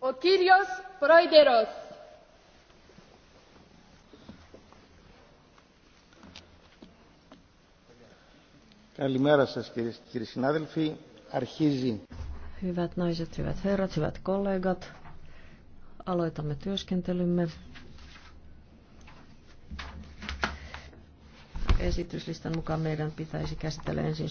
Ο κύριος Πρόεδρος. Καλημέρα σας κύριε, κύριοι συνάδελφοι. Αρχίζει. Hyvät naiset, hyvät herrat, hyvät kollegat. Aloitamme työskentelymme. Esityslistan mukaan meidän pitäisi käsitellä ensin